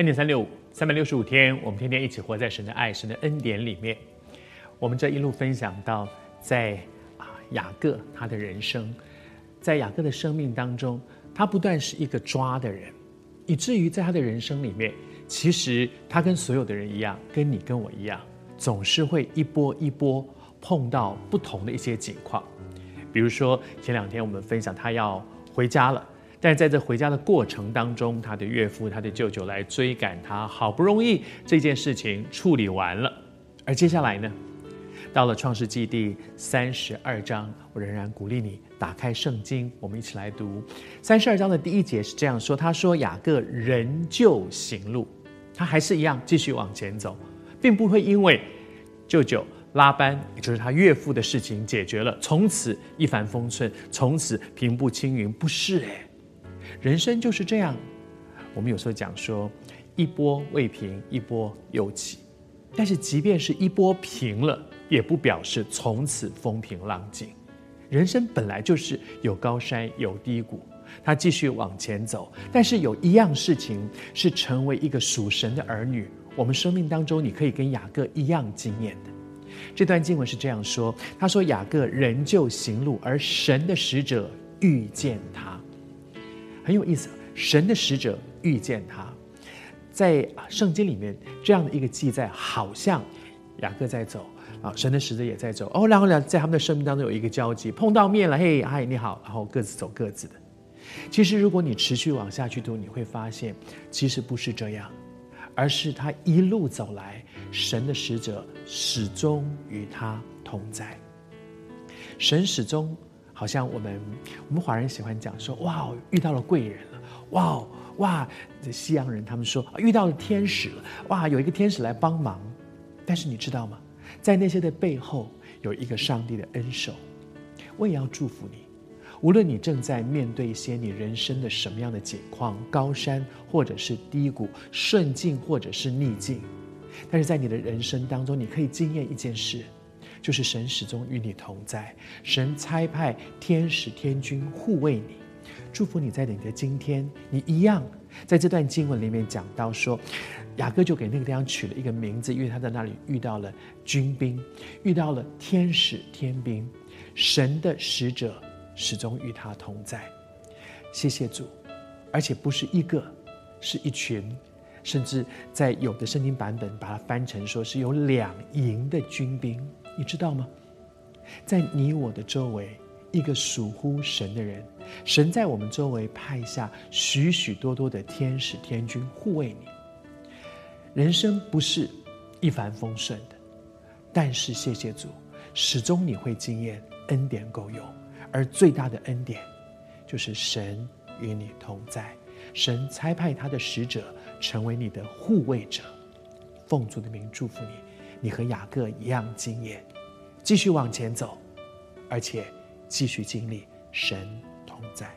恩典365三百六十五天，我們天天一起活在神的愛、神的恩典裡面。我們這一路分享到，在啊雅各，他的人生，在雅各的生命當中，他不斷是一個抓的人，以至於在他的人生裡面，其實他跟所有的人一樣，跟你跟我一樣，總是會一波一波碰到不同的一些情況。比如說，前兩天我們分享他要回家了。但是在這回家的過程當中，他的岳父，他的舅舅來追趕他，好不容易這件事情處理完了。而接下來呢，到了創世記第三十二章，我仍然鼓勵你打開聖經，我們一起來讀。三十二章的第一節是這樣說：他說雅各仍舊行路，他還是一樣繼續往前走，並不會因為舅舅拉班，也就是他岳父的事情解決了，從此一帆風順，從此平步青雲。不，不是誒。人生就是這樣，我們有時候講說，一波未平，一波又起。但是即便是一波平了，也不表示從此風平浪靜。人生本來就是有高山有低谷，他繼續往前走。但是有一樣事情是成為一個屬神的兒女，我們生命當中你可以跟雅各一樣經驗的。這段經文是這樣說，他說雅各仍舊行路，而神的使者遇見。很有意思，神的使者遇見他，在聖經裡面這樣的一個記載，好像雅各在走啊，神的使者也在走哦，然後呢，在他們的生命當中有一個交集，碰到面了，嘿，嗨，你好，然後各自走各自的。其實，如果你持續往下去讀，你會發現，其實不是這樣，而是他一路走來，神的使者始終與他同在，神始終。好像我們我們華人喜歡講說，哇，遇到了貴人了，哇哇！這西洋人他們說遇到了天使了，哇，有一個天使來幫忙。但是你知道嗎？在那些的背後有一個上帝的恩手。我也要祝福你，無論你正在面對一些你人生的什麼樣的境況，高山或者是低谷，順境或者是逆境，但是在你的人生當中，你可以經驗一件事。就是神始終與你同在，神差派天使天軍護衛你，祝福你在你的今天。你一樣，在這段經文裡面講到說，雅各就給那個地方取了一個名字，因為他在那裡遇到了軍兵，遇到了天使天兵，神的使者始終與他同在。謝謝主，而且不是一個，是一群，甚至在有的聖經版本把它翻成說是有兩營的軍兵。你知道嗎？在你我的周圍，一個屬乎神的人，神在我們周圍派下許許多多的天使天軍護衛你。人生不是一帆風順的，但是謝謝主，始終你會經驗恩典夠用，而最大的恩典就是神與你同在。神差派他的使者成為你的護衛者，奉主的名祝福你，你和雅各一樣經驗。繼續往前走，而且繼續經歷神同在。